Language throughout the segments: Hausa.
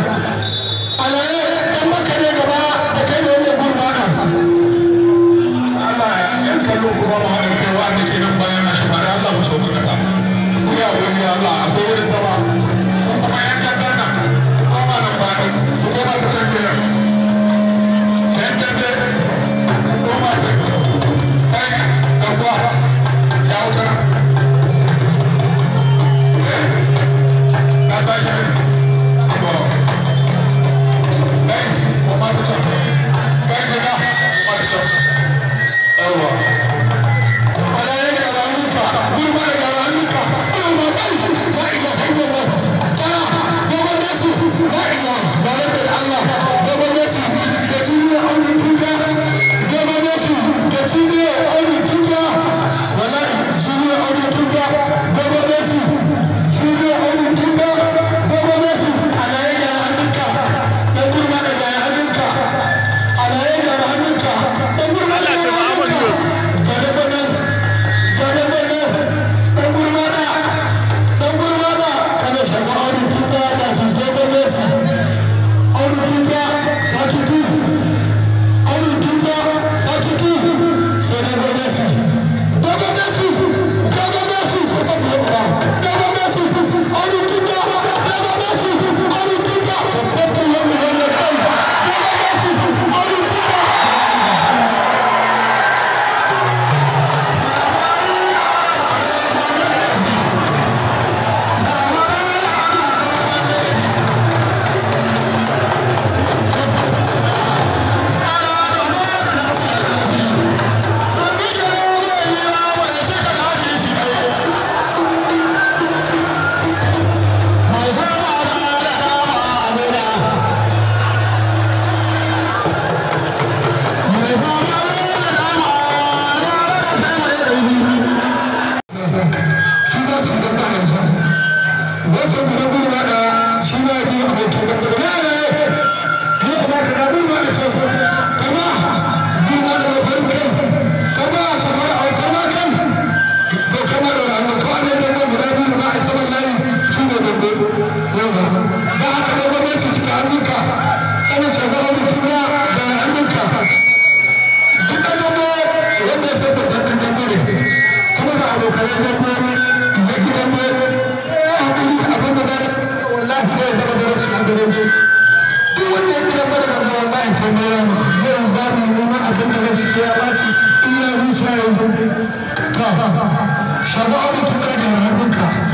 Yeah. wacce guda gudu ma da shi ma yi abokin gaba da ne ne kuma ka da gudu ma da sai kama gudu ma da mafarin kai kama safar a kan to kama da ranar ko da. ya zama gwamnati a gare mu duk wanda ya gidan mana da zama ba ya san zama mu yau za mu yi noma abin da rashi ce ya ɓaci in ya zuciya yanzu to shago abin tuka da hannunka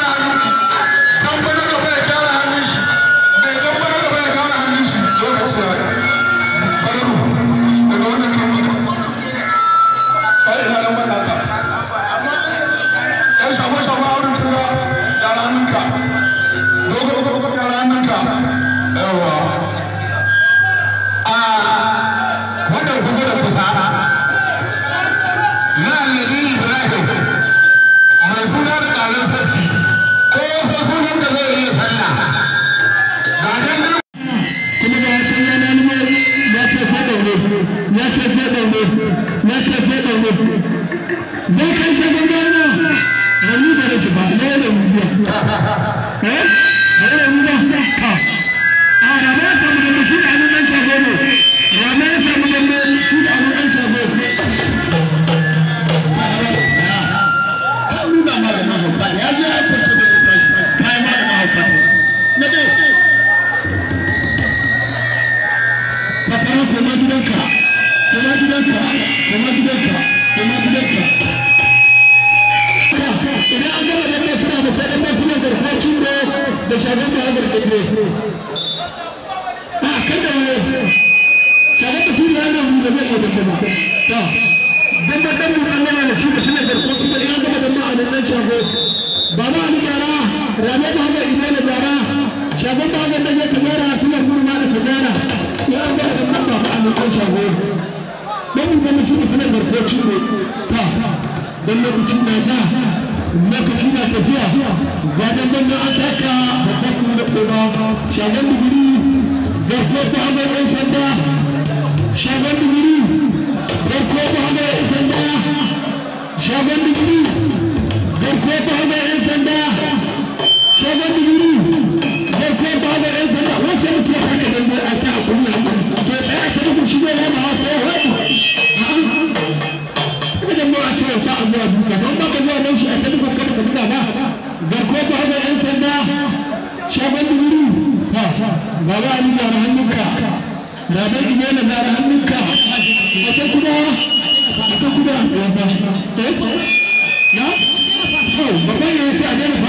zai kai shi ban gano ba ba da shi ba ne da mu biya eh ne da mu biya ka a da sa mu da shi da hannun dan shago ne rama ya samu da shi da hannun dan shago ya je ya fice da kai ma kuma domin gidanka an gama dambe suna da sai dambe suna da da suna da da zai da da suna da a nan baba a nan shago kowanne su mutunan garkoci ne ta don lokaci na ja lokaci na tafiya ga dan dan na ataka babban kuma da kuma shagan digiri garko ta hanyar yan sanda shagan digiri garko ta hanyar yan sanda shagan digiri garko ku yan sanda shagon duru ba ba ba ni da hannunka rabar ime na da hannunka wata kuma kuma eh ya ce a daina